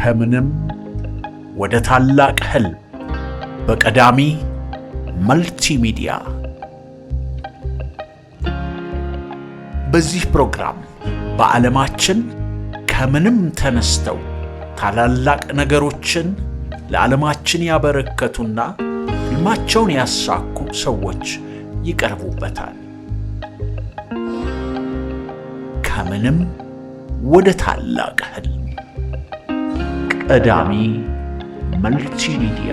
ከምንም ወደ ታላቅ ህልም በቀዳሚ መልቲሚዲያ። በዚህ ፕሮግራም በዓለማችን ከምንም ተነስተው ታላላቅ ነገሮችን ለዓለማችን ያበረከቱና ሕልማቸውን ያሳኩ ሰዎች ይቀርቡበታል። ከምንም ወደ ታላቅ ህልም ቀዳሚ መልቲሚዲያ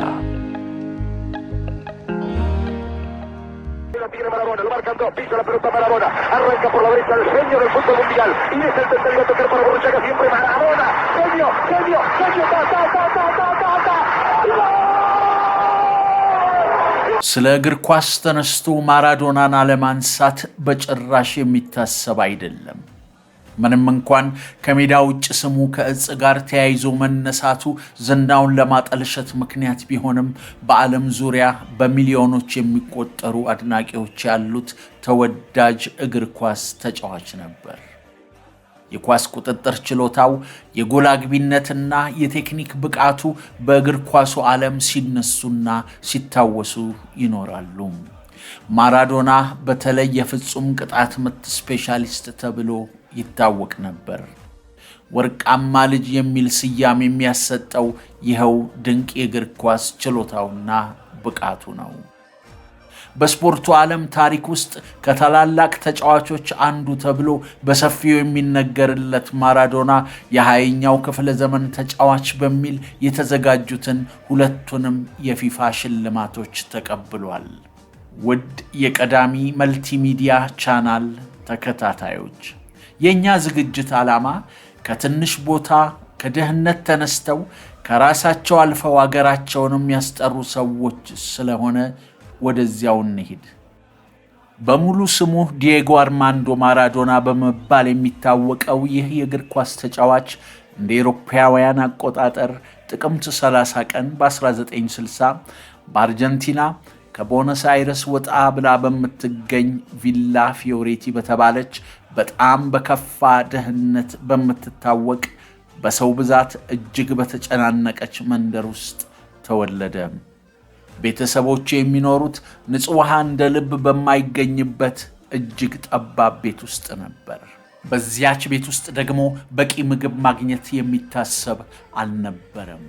ስለ እግር ኳስ ተነስቶ ማራዶናን አለማንሳት በጭራሽ የሚታሰብ አይደለም። ምንም እንኳን ከሜዳ ውጭ ስሙ ከእጽ ጋር ተያይዞ መነሳቱ ዝናውን ለማጠልሸት ምክንያት ቢሆንም በዓለም ዙሪያ በሚሊዮኖች የሚቆጠሩ አድናቂዎች ያሉት ተወዳጅ እግር ኳስ ተጫዋች ነበር። የኳስ ቁጥጥር ችሎታው፣ የጎል አግቢነትና የቴክኒክ ብቃቱ በእግር ኳሱ ዓለም ሲነሱና ሲታወሱ ይኖራሉ። ማራዶና በተለይ የፍጹም ቅጣት ምት ስፔሻሊስት ተብሎ ይታወቅ ነበር። ወርቃማ ልጅ የሚል ስያሜ የሚያሰጠው ይኸው ድንቅ የእግር ኳስ ችሎታውና ብቃቱ ነው። በስፖርቱ ዓለም ታሪክ ውስጥ ከታላላቅ ተጫዋቾች አንዱ ተብሎ በሰፊው የሚነገርለት ማራዶና የሃያኛው ክፍለ ዘመን ተጫዋች በሚል የተዘጋጁትን ሁለቱንም የፊፋ ሽልማቶች ተቀብሏል። ውድ የቀዳሚ መልቲሚዲያ ቻናል ተከታታዮች የእኛ ዝግጅት ዓላማ ከትንሽ ቦታ ከድህነት ተነስተው ከራሳቸው አልፈው አገራቸውን የሚያስጠሩ ሰዎች ስለሆነ ወደዚያው እንሂድ። በሙሉ ስሙ ዲዬጎ አርማንዶ ማራዶና በመባል የሚታወቀው ይህ የእግር ኳስ ተጫዋች እንደ ኤሮፓውያን አቆጣጠር ጥቅምት 30 ቀን በ1960 በአርጀንቲና ከቦነስ አይረስ ወጣ ብላ በምትገኝ ቪላ ፊዮሬቲ በተባለች በጣም በከፋ ደህነት በምትታወቅ በሰው ብዛት እጅግ በተጨናነቀች መንደር ውስጥ ተወለደ። ቤተሰቦች የሚኖሩት ንጹሕ ውሃ እንደ ልብ በማይገኝበት እጅግ ጠባብ ቤት ውስጥ ነበር። በዚያች ቤት ውስጥ ደግሞ በቂ ምግብ ማግኘት የሚታሰብ አልነበረም።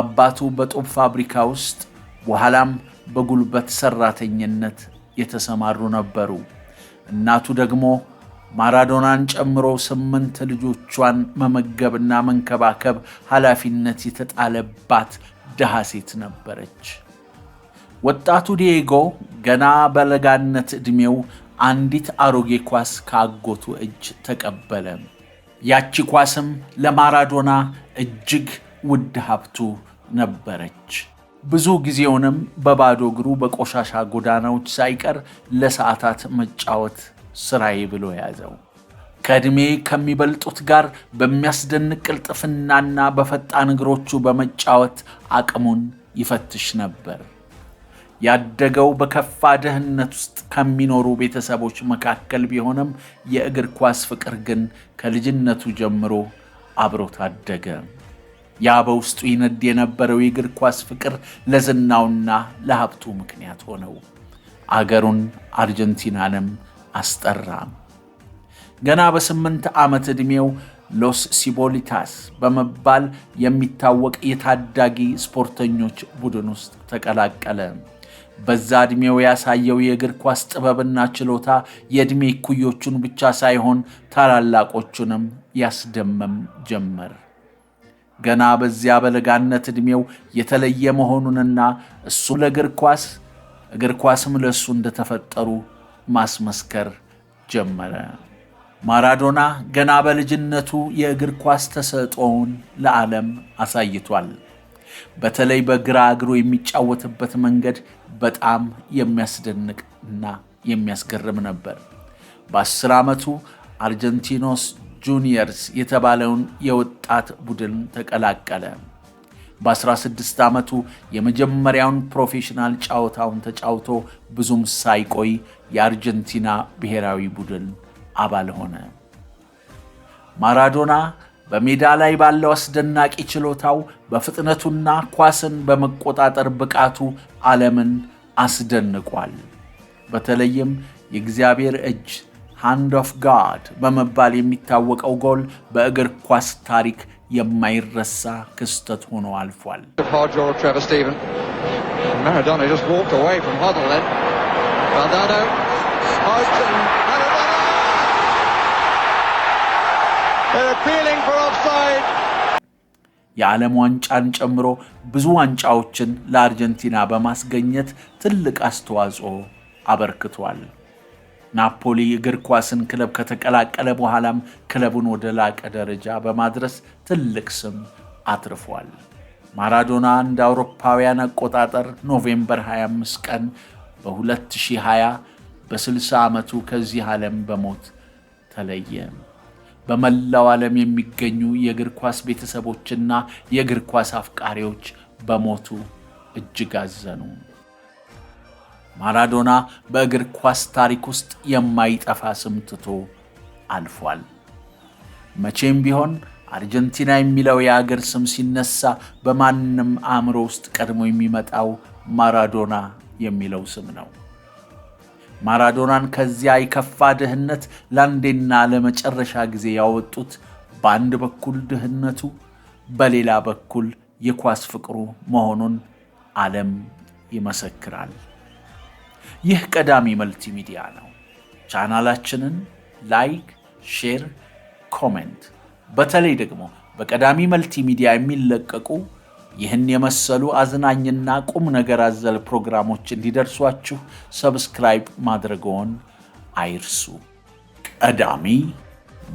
አባቱ በጡብ ፋብሪካ ውስጥ በኋላም በጉልበት ሰራተኝነት የተሰማሩ ነበሩ። እናቱ ደግሞ ማራዶናን ጨምሮ ስምንት ልጆቿን መመገብና መንከባከብ ኃላፊነት የተጣለባት ድሃ ሴት ነበረች። ወጣቱ ዲየጎ ገና በለጋነት ዕድሜው አንዲት አሮጌ ኳስ ከአጎቱ እጅ ተቀበለ። ያቺ ኳስም ለማራዶና እጅግ ውድ ሀብቱ ነበረች። ብዙ ጊዜውንም በባዶ እግሩ በቆሻሻ ጎዳናዎች ሳይቀር ለሰዓታት መጫወት ስራዬ ብሎ ያዘው። ከዕድሜ ከሚበልጡት ጋር በሚያስደንቅ ቅልጥፍናና በፈጣን እግሮቹ በመጫወት አቅሙን ይፈትሽ ነበር። ያደገው በከፋ ድህነት ውስጥ ከሚኖሩ ቤተሰቦች መካከል ቢሆንም የእግር ኳስ ፍቅር ግን ከልጅነቱ ጀምሮ አብሮት አደገ። ያ በውስጡ ይነድ የነበረው የእግር ኳስ ፍቅር ለዝናውና ለሀብቱ ምክንያት ሆነው አገሩን አርጀንቲናንም አስጠራ። ገና በስምንት ዓመት ዕድሜው ሎስ ሲቦሊታስ በመባል የሚታወቅ የታዳጊ ስፖርተኞች ቡድን ውስጥ ተቀላቀለ። በዛ ዕድሜው ያሳየው የእግር ኳስ ጥበብና ችሎታ የዕድሜ እኩዮቹን ብቻ ሳይሆን ታላላቆቹንም ያስደመም ጀመር። ገና በዚያ በለጋነት ዕድሜው የተለየ መሆኑንና እሱ ለእግር ኳስ እግር ኳስም ለእሱ እንደተፈጠሩ ማስመስከር ጀመረ። ማራዶና ገና በልጅነቱ የእግር ኳስ ተሰጥኦውን ለዓለም አሳይቷል። በተለይ በግራ እግሩ የሚጫወትበት መንገድ በጣም የሚያስደንቅ እና የሚያስገርም ነበር። በአስር ዓመቱ አርጀንቲኖስ ጁኒየርስ የተባለውን የወጣት ቡድን ተቀላቀለ። በ16 ዓመቱ የመጀመሪያውን ፕሮፌሽናል ጨዋታውን ተጫውቶ ብዙም ሳይቆይ የአርጀንቲና ብሔራዊ ቡድን አባል ሆነ። ማራዶና በሜዳ ላይ ባለው አስደናቂ ችሎታው በፍጥነቱና ኳስን በመቆጣጠር ብቃቱ ዓለምን አስደንቋል። በተለይም የእግዚአብሔር እጅ ሃንድ ኦፍ ጋድ በመባል የሚታወቀው ጎል በእግር ኳስ ታሪክ የማይረሳ ክስተት ሆኖ አልፏል። የዓለም ዋንጫን ጨምሮ ብዙ ዋንጫዎችን ለአርጀንቲና በማስገኘት ትልቅ አስተዋጽኦ አበርክቷል። ናፖሊ እግር ኳስን ክለብ ከተቀላቀለ በኋላም ክለቡን ወደ ላቀ ደረጃ በማድረስ ትልቅ ስም አትርፏል። ማራዶና እንደ አውሮፓውያን አቆጣጠር ኖቬምበር 25 ቀን በ2020 በ60 ዓመቱ ከዚህ ዓለም በሞት ተለየ። በመላው ዓለም የሚገኙ የእግር ኳስ ቤተሰቦችና የእግር ኳስ አፍቃሪዎች በሞቱ እጅግ አዘኑ። ማራዶና በእግር ኳስ ታሪክ ውስጥ የማይጠፋ ስም ትቶ አልፏል። መቼም ቢሆን አርጀንቲና የሚለው የአገር ስም ሲነሳ በማንም አእምሮ ውስጥ ቀድሞ የሚመጣው ማራዶና የሚለው ስም ነው። ማራዶናን ከዚያ የከፋ ድህነት ለአንዴና ለመጨረሻ ጊዜ ያወጡት በአንድ በኩል ድህነቱ፣ በሌላ በኩል የኳስ ፍቅሩ መሆኑን ዓለም ይመሰክራል። ይህ ቀዳሚ መልቲ ሚዲያ ነው። ቻናላችንን ላይክ፣ ሼር፣ ኮሜንት በተለይ ደግሞ በቀዳሚ መልቲ ሚዲያ የሚለቀቁ ይህን የመሰሉ አዝናኝና ቁም ነገር አዘል ፕሮግራሞች እንዲደርሷችሁ ሰብስክራይብ ማድረግዎን አይርሱ። ቀዳሚ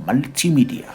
መልቲሚዲያ